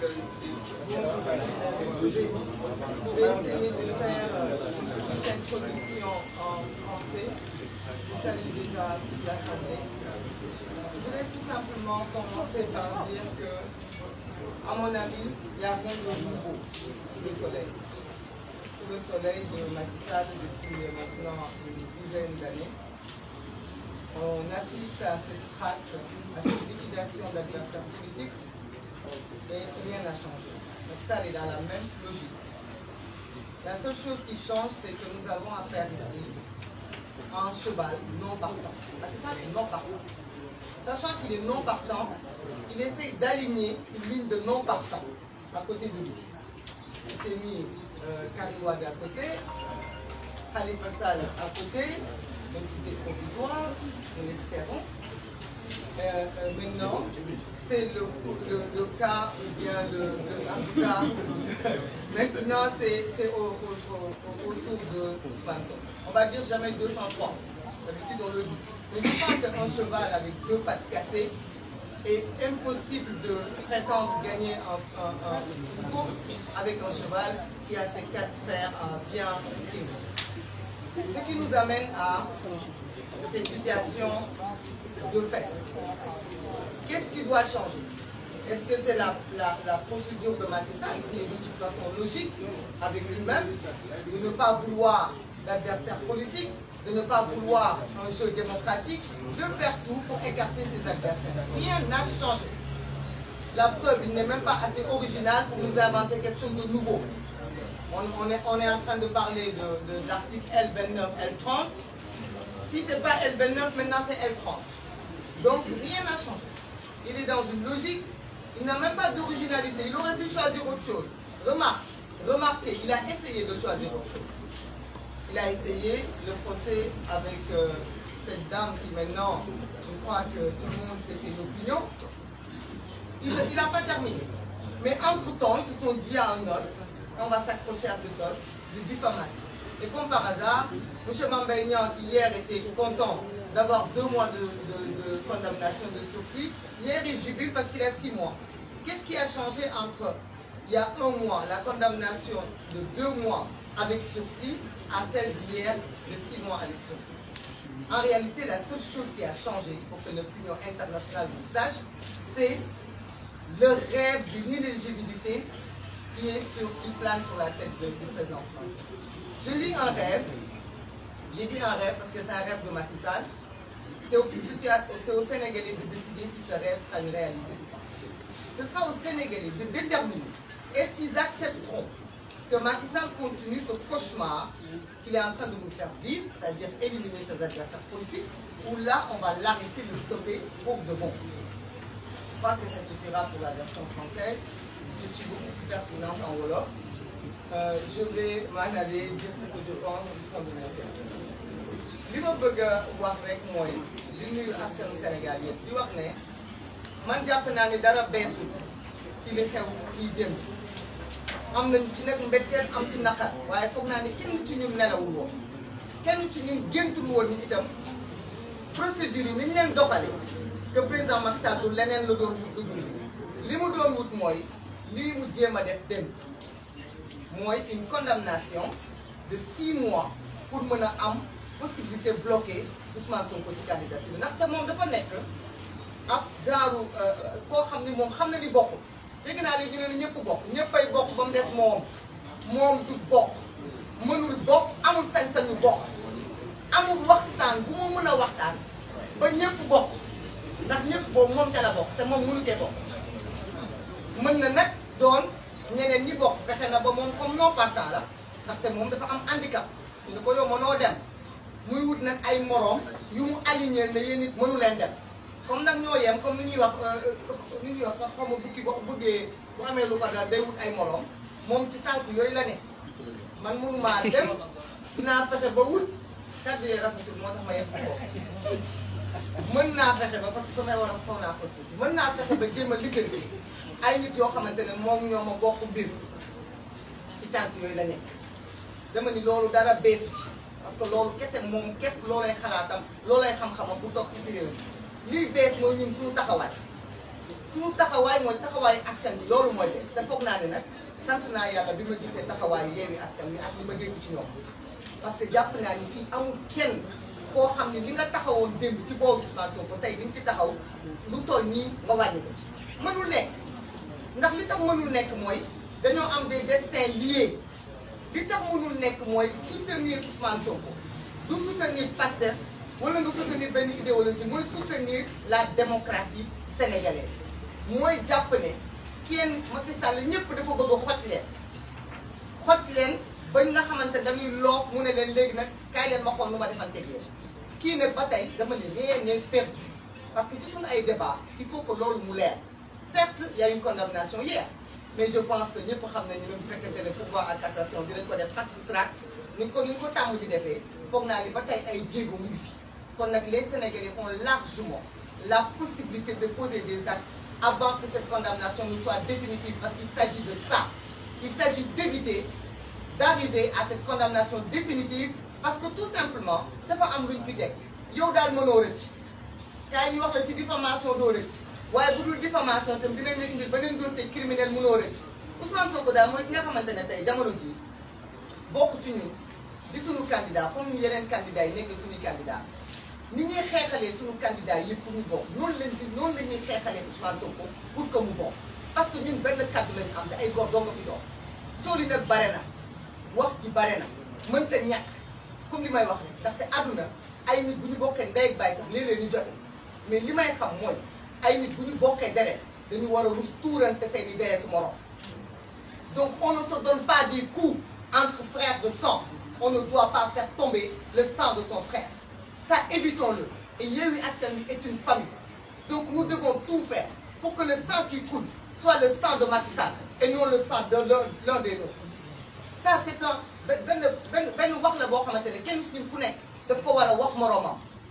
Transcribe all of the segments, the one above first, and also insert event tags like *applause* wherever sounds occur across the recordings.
le, jeudi. de faire une Je salue tout simplement commencer par dire que, à mon avis, il n'y a rien de nouveau le soleil. Sous le soleil de Matissade depuis maintenant une dizaine d'années, on assiste à cette traque, à cette liquidation d'adversaires politiques rien n'a changé. Donc ça, elle dans la même logique. La seule chose qui change, c'est que nous avons affaire ici un cheval non partant. ça, est non partant. Sachant qu'il est non partant, il essaye d'aligner une ligne de non partant à côté de lui. mis euh, Kadouad à côté, Khalifa Sal à côté, donc c'est provisoire, nous l'espérons. Euh, euh, maintenant, c'est le, cas, ou le, le *laughs* maintenant, c'est autour de Swanson. On va dire jamais 203. D'habitude, on le dit. Mais je pense qu'un cheval avec deux pattes cassées est impossible de prétendre gagner en, course avec un cheval qui a ses quatre fers bien cibles. Ce qui nous amène à cette situation de fait. Qu'est-ce qui doit changer Est-ce que c'est la, la, la, procédure de Macky Sall qui est de toute façon logique avec lui-même, de ne pas vouloir l'adversaire politique, de ne pas vouloir un jeu démocratique, de faire pour écarter ses adversaires. Rien n'a changé. La preuve, il n'est même pas assez original pour nous inventer quelque chose de nouveau. On, on, est, on est en train de parler de, de l'article L29, l Si ce pas L29, maintenant c'est l Donc rien n'a changé. Il est dans une logique, il n'a même pas d'originalité. Il aurait pu choisir autre chose. Remarque, il a essayé de choisir autre chose. Il a essayé le procès avec euh, cette dame qui maintenant, je crois que tout le monde sait ses opinions. Il n'a pas terminé. Mais entre-temps, ils se sont dit à un on va s'accrocher à ce poste de diffamation. Et par hasard, M. Mambaignan, qui hier était content d'avoir deux mois de, condamnation de sursis, hier parce qu'il a six mois. Qu'est-ce qui a changé entre il y a un mois, la condamnation de deux mois avec sursis, à celle d'hier de six mois avec sursis En réalité, la seule chose qui a changé, pour que l'opinion internationale le sache, c'est le rêve d'une inéligibilité qui, est sur, plane sur la tête de, de présentement. Je lis un rêve, j'ai dit un rêve parce que c'est un rêve de Macky C'est au, au de décider si ce rêve sera une réalité. Ce ce qu'ils accepteront que Macky continue ce cauchemar qu'il est en train de nous faire vivre, c'est-à-dire éliminer ses adversaires politiques, ou là, on va l'arrêter, le stopper pour de bon. Je crois que ça suffira pour la version française. je suis beaucoup plus pertinente en Wolof. Euh, je vais m'en aller dire ce li ma bëgg a wax rek mooy li nuyu askanu Sénégal di wax ne man jàpp naa ni dara beesul ci li xew fii dem am nañu ci nag mbetteel am ci naqar waaye foog naa ni kenn ci ñun nelawul kenn ci ñun géntul woon ni itam procédure yi ni ñu leen doxale que président Macky Sall leneen la doon wut dugg li mu doon wut mooy lii mu jéem a def dem mooy une condamnation de six mois pour mën a am possibilité bloquer Ousmane Sonko ci candidature ndax ndaxte moom dafa nekk ab genre euh, euh, koo xam ni moom xam na ni bokk dégg naa léegi ñu ne ñëpp bokk ñëppay bokk ba mu des moom moom du bokk mënul bokk amul sañ-sañu bokk amul waxtaan bu mu mën a waxtaan ba ñëpp bokk ndax ñëpp boobu moom te la bokk te moom mënu cee bokk. mën na nag doon ñeneen ñi bokk fexe na ba moom comme non partant la ndaxte moom dafa am handicap ñu ko yow mënoo dem muy wut nag ay moroom yu mu aligné ne yéen it mënu leen dem comme nag ñoo yem comme ni ñuy wax euh, ni ñuy wax xaw ma bukki bu amee lu ko dal day wut ay moroom moom ci tànk yooyu la ne man mënumaa dem dinaa fexe ba wut kàddu yi rafetul moo tax ma yem ko mën naa fexe ba parce que samay war a foog naa mën naa fexe ba jéem a ay nit yoo xamante ne moom ñoo ma bokk mbir ci tànk yooyu la nekk dama ni loolu dara beesu ci parce que loolu kese moom képp loolay xalaatam loolay xam-xamam bu toog ci réew mi liy bees mooy ñun suñu taxawaay suñu taxawaay mooy taxawaayu askan bi loolu mooy bees te foog naa ne nag sant naa yàlla bi ma gisee taxawaayu yeewi askan bi ak li ma dégg ci ñoom parce que jàpp naa ni fii amul kenn koo xam ne li nga taxawoon démb ci boobu Ousmane Sonko tey li ci taxaw lu toll nii nga wàññi ko ci nekk ndax li tax mënul nekk mooy dañoo am des destins liés li tax mënul nekk mooy ci soutenir Ousmane Sonko du soutenir Pastef wala nga soutenir benn idéologie mooy soutenir la démocratie sénégalaise mooy jàpp ne kenn Macky sàll ñëpp dafa bëgg a xot leen xot leen ba nga xamante dañuy loof mu ne leen léegi nag kaay leen ma xool nu ma defante yéen kii ne ba dama ne rien n'est perdu parce que ci ay débat il faut que loolu mu leer certes il y a une condamnation hier mais je pense que ñëpp xam nañu ne bu fekkente ne pourvoi en cassation dinañ ko def fast track ni ko ni ñu ko tàmm di defee foog naa ni ba tey ay jéego mu ngi kon nag les Sénégalais ont largement la possibilité de poser des actes avant que cette condamnation ne soit définitive parce de ça il s'agit d'éviter d'arriver parce que tout simplement dafa am luñ fi teg yow daal mënoo rëcc kaay ñu wax la ci diffamation doo rëcc waaye bu dul diffamation tam dinañ la indil beneen dossier criminel mënoo rëcc Ousmane Sonko daal mooy nga xamante ne tey jamono jii bokk ci ñun di suñu candidat comme ñu yeneen candidat yi nekk suñuy candidat ni ñuy xeexalee suñu candidat yëpp pour ñu bokk noonu lañ di noonu la ñuy xeexalee Ousmane Sonko pour que mu bokk parce que ñun benn kàddu lañu am na ay góor doo nga fi doon tool yi nag bare na wax ji bare na mënta ñàkk comme li may wax rek ndaxte àdduna ay nit bu ñu bokkee ndey ak baay sax ñu jote mais li may xam mooy ay nit bu ñu bokkee deret dañu war a rus tuurante seen i deretu morom donc on ne se donne pas des coups entre frères de sang on ne doit pas faire tomber le sang de son frère ça évitons-le et Yewwi Askan Wi est une famille donc nous devons tout faire pour que le sang qui coule soit le sang de Macky Sall et non le sang de l'un des nôtres ça c'est un benn benn benn wax la boo xamante ne kenn suñu ku nekk daf ko war a wax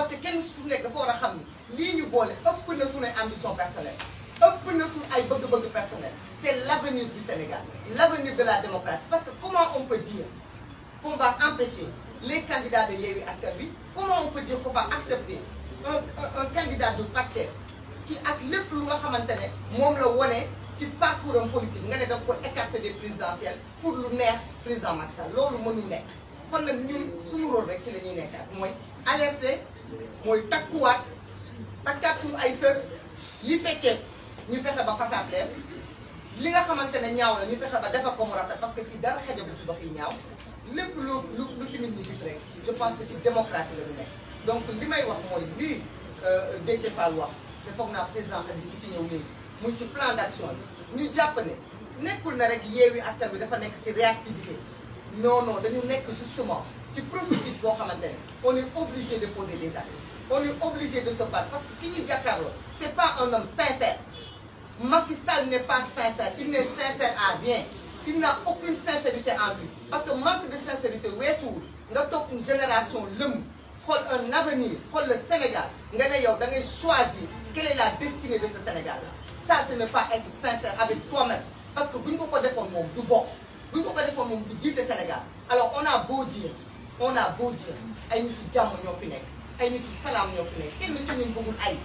parce que kenn su nekk dafa war a xam ni lii ñu boole ëpp na suñuy ambition personnelle ëpp na suñu ay bëgg-bëgg personnel c' est l' avenir du Sénégal l' de la démocratie parce que comment on peut dire qu'on empêcher les candidats de Yewwi bi Wi comment on peut dire qu'on accepter un un candidat de Pastef ki ak lépp lu nga xamante ne moom la wone ci parcours am politique nga ne da ko écarter des présidentielles pour lu neex président Macky Sall loolu mënul nekk kon rek ci la ñuy mooy takkuwaat takkaat suñu ay sër yi feccee ñu fexe ba fasaat leen li nga xamante ne ñaaw la ñu fexe ba defar ko mu parce que fii dara xajagu ci ba fii ñaaw lépp lu lu lu fi nit ñi gis rek je pense que ci démocratie la nekk donc li may wax mooy lii euh, Déthié Fall wax te foog naa président ak di ci ñëw léegi muy ci plan d'action bi ñu jàpp ne nekkul na rek yeewi askan bi dafa nekk ci réactivité non non dañu nekk justement ci processus boo xamante ne on est obligé de poser des on est obligé de se battre parce que ki ñu jàkkaarloo c'est pas un homme sincère Macky Sall n'est pas sincère il n'est sincère à rien il n'a aucune sincérité en lui parce que manque de sincérité weesuwul nga toog une génération lëmm xool un avenir xool le Sénégal nga ne yow da ngay choisir quelle est la destinée de ce Sénégal là ça ce n'est pas être sincère avec toi parce que bu ñu ko ko defoon moom du bokk bu ñu moom du jiite Sénégal alors on a beau on a beau dire ay nitu jàmm ñoo fi nekk ay nitu salaam ñoo fi nekk kenn ci ñun bëggul ay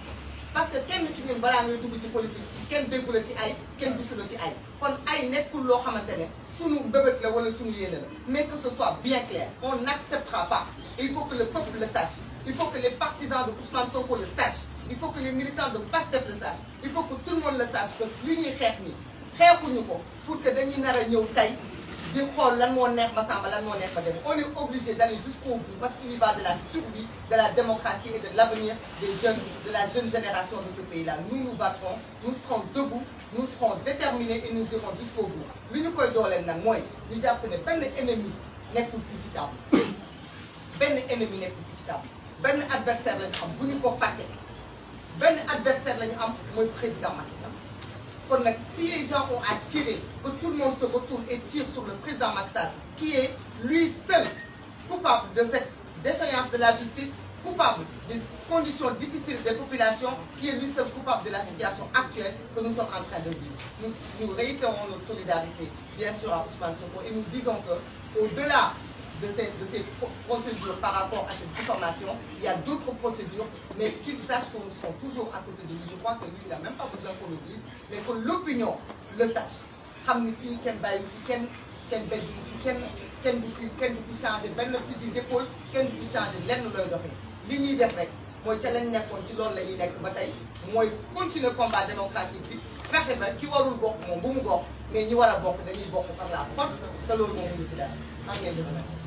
parce que kenn ci ñun balaa ngay dugg ci politique kenn déggu la ci ay kenn gisu la ci ay kon ay nekkul loo xamante ne sunu bébét la wala suñu yéene la mais que ce soit bien clair on n'acceptera pas il faut que le peuple le sache il faut que les partisans de Ousmane Sonko le sachent il faut que les militants de PASTEF le sachent il faut que tout le monde le que li tey di xool lan moo neex Massamba lan moo neex ma dem on est obligé d'aller jusqu'au bout parce qu'il y va de la survie de la démocratie et de l'avenir des jeunes de la jeune génération de ce pays-là nous nous battrons nous serons debout nous serons déterminés et nous irons jusqu'au bout li ñu koy dooleel nag mooy ñu jàpp ne benn ennemi nekkul fii table benn ennemi nekkul fii ci table benn adversaire la ñu am bu ñu ko fàtte benn adversaire la ñu am mooy président Macky kon nag si les gens ont à tirer que tout le monde se retourne et tire sur le président Macky Sall qui est lui seul coupable de cette déchéance de la justice coupable des conditions difficiles des populations qui est lui seul coupable de la situation actuelle que nous sommes en train de vivre. Nous, réitérons notre solidarité bien sûr à Ousmane Sonko et nous disons que au-delà de ces, de ces procédures par rapport à cette diffamation. Il y a d'autres procédures, mais qui sachent que nous serons toujours à côté de lui. Je crois pas besoin qu'on le dise, mais que l'opinion le sache. xam ni fii kenn bàyyi fi kenn kenn benn fi kenn kenn du fi kenn benn fusil d'épaule kenn du fi changé lenn looy doxee li ñuy def rek mooy ca lañ nekkoon ci loolu la ñuy nekk ba tey mooy continuer combat démocratique bi fexe ba ki warul bokk moom bu mu bokk mais ñi war a bokk dañuy bokk par la force te loolu